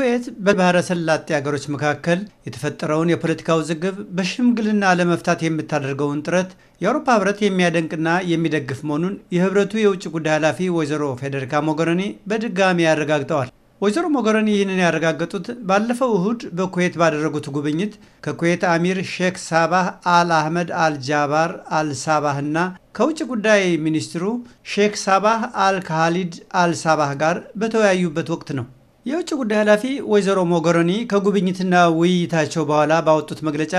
ኩዌት በባህረ ሰላጤ ሀገሮች መካከል የተፈጠረውን የፖለቲካ ውዝግብ በሽምግልና ለመፍታት የምታደርገውን ጥረት የአውሮፓ ህብረት የሚያደንቅና የሚደግፍ መሆኑን የህብረቱ የውጭ ጉዳይ ኃላፊ ወይዘሮ ፌዴሪካ ሞገረኒ በድጋሚ ያረጋግጠዋል። ወይዘሮ ሞገረኒ ይህንን ያረጋገጡት ባለፈው እሁድ በኩዌት ባደረጉት ጉብኝት ከኩዌት አሚር ሼክ ሳባህ አል አህመድ አል ጃባር አል ሳባህ እና ከውጭ ጉዳይ ሚኒስትሩ ሼክ ሳባህ አል ካሊድ ጋር በተወያዩበት ወቅት ነው። የውጭ ጉዳይ ኃላፊ ወይዘሮ ሞገሪኒ ከጉብኝትና ውይይታቸው በኋላ ባወጡት መግለጫ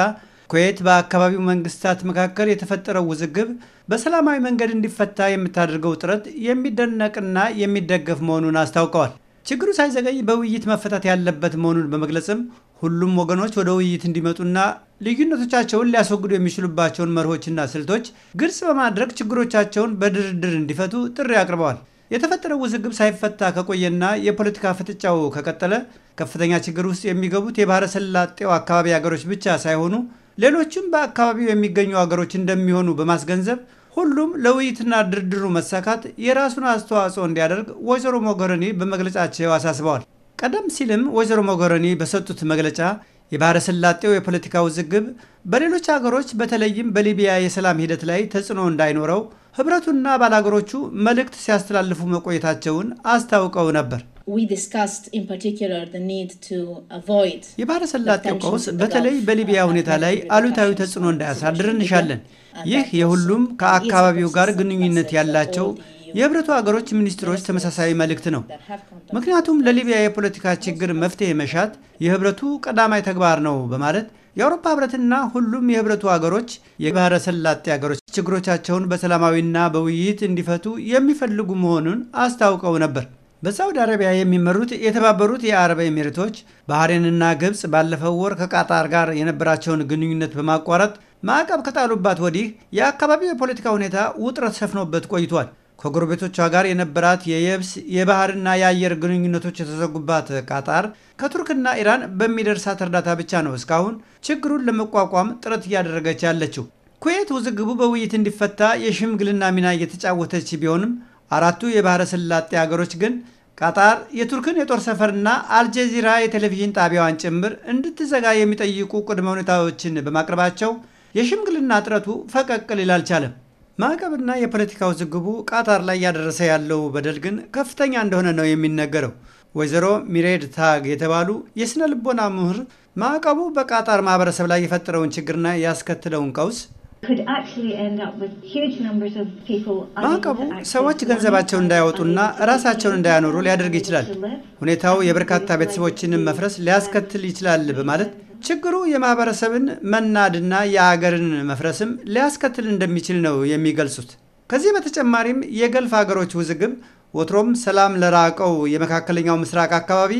ኩዌት በአካባቢው መንግስታት መካከል የተፈጠረው ውዝግብ በሰላማዊ መንገድ እንዲፈታ የምታደርገው ጥረት የሚደነቅና የሚደገፍ መሆኑን አስታውቀዋል። ችግሩ ሳይዘገይ በውይይት መፈታት ያለበት መሆኑን በመግለጽም ሁሉም ወገኖች ወደ ውይይት እንዲመጡና ልዩነቶቻቸውን ሊያስወግዱ የሚችሉባቸውን መርሆችና ስልቶች ግልጽ በማድረግ ችግሮቻቸውን በድርድር እንዲፈቱ ጥሪ አቅርበዋል። የተፈጠረው ውዝግብ ሳይፈታ ከቆየና የፖለቲካ ፍጥጫው ከቀጠለ ከፍተኛ ችግር ውስጥ የሚገቡት የባህረ ሰላጤው አካባቢ ሀገሮች ብቻ ሳይሆኑ ሌሎችም በአካባቢው የሚገኙ ሀገሮች እንደሚሆኑ በማስገንዘብ ሁሉም ለውይይትና ድርድሩ መሳካት የራሱን አስተዋጽኦ እንዲያደርግ ወይዘሮ ሞገሪኒ በመግለጫቸው አሳስበዋል። ቀደም ሲልም ወይዘሮ ሞገሪኒ በሰጡት መግለጫ የባሕረ ሰላጤው የፖለቲካ ውዝግብ በሌሎች አገሮች በተለይም በሊቢያ የሰላም ሂደት ላይ ተጽዕኖ እንዳይኖረው ህብረቱና ባላገሮቹ መልእክት ሲያስተላልፉ መቆየታቸውን አስታውቀው ነበር። የባሕረ ሰላጤው ቀውስ በተለይ በሊቢያ ሁኔታ ላይ አሉታዊ ተጽዕኖ እንዳያሳድር እንሻለን። ይህ የሁሉም ከአካባቢው ጋር ግንኙነት ያላቸው የህብረቱ ሀገሮች ሚኒስትሮች ተመሳሳይ መልእክት ነው። ምክንያቱም ለሊቢያ የፖለቲካ ችግር መፍትሄ መሻት የህብረቱ ቀዳማይ ተግባር ነው በማለት የአውሮፓ ህብረትና ሁሉም የህብረቱ ሀገሮች የባህረ ሰላጤ ሀገሮች ችግሮቻቸውን በሰላማዊና በውይይት እንዲፈቱ የሚፈልጉ መሆኑን አስታውቀው ነበር። በሳውዲ አረቢያ የሚመሩት የተባበሩት የአረብ ኤሚሬቶች ባህሬንና ግብፅ ባለፈው ወር ከቃጣር ጋር የነበራቸውን ግንኙነት በማቋረጥ ማዕቀብ ከጣሉባት ወዲህ የአካባቢው የፖለቲካ ሁኔታ ውጥረት ሰፍኖበት ቆይቷል። ከጎረቤቶቿ ጋር የነበራት የየብስ የባህርና የአየር ግንኙነቶች የተዘጉባት ቃጣር ከቱርክና ኢራን በሚደርሳት እርዳታ ብቻ ነው እስካሁን ችግሩን ለመቋቋም ጥረት እያደረገች ያለችው። ኩዌት ውዝግቡ በውይይት እንዲፈታ የሽምግልና ሚና እየተጫወተች ቢሆንም አራቱ የባህረ ስላጤ ሀገሮች ግን ቃጣር የቱርክን የጦር ሰፈርና አልጀዚራ የቴሌቪዥን ጣቢያዋን ጭምር እንድትዘጋ የሚጠይቁ ቅድመ ሁኔታዎችን በማቅረባቸው የሽምግልና ጥረቱ ፈቀቅ ሊል አልቻለም። ማዕቀብና የፖለቲካ ውዝግቡ ቃታር ላይ እያደረሰ ያለው በደል ግን ከፍተኛ እንደሆነ ነው የሚነገረው። ወይዘሮ ሚሬድ ታግ የተባሉ የሥነ ልቦና ምሁር ማዕቀቡ በቃጣር ማህበረሰብ ላይ የፈጠረውን ችግርና ያስከትለውን ቀውስ ማዕቀቡ ሰዎች ገንዘባቸውን እንዳያወጡና ራሳቸውን እንዳያኖሩ ሊያደርግ ይችላል፣ ሁኔታው የበርካታ ቤተሰቦችንም መፍረስ ሊያስከትል ይችላል በማለት ችግሩ የማህበረሰብን መናድና የአገርን መፍረስም ሊያስከትል እንደሚችል ነው የሚገልጹት። ከዚህ በተጨማሪም የገልፍ ሀገሮች ውዝግብ ወትሮም ሰላም ለራቀው የመካከለኛው ምስራቅ አካባቢ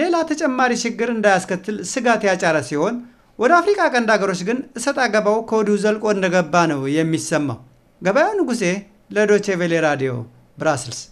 ሌላ ተጨማሪ ችግር እንዳያስከትል ስጋት ያጫረ ሲሆን ወደ አፍሪካ ቀንድ ሀገሮች ግን እሰጥ አገባው ከወዲሁ ዘልቆ እንደገባ ነው የሚሰማው። ገበያው ንጉሴ ለዶቼ ቬሌ ራዲዮ ብራስልስ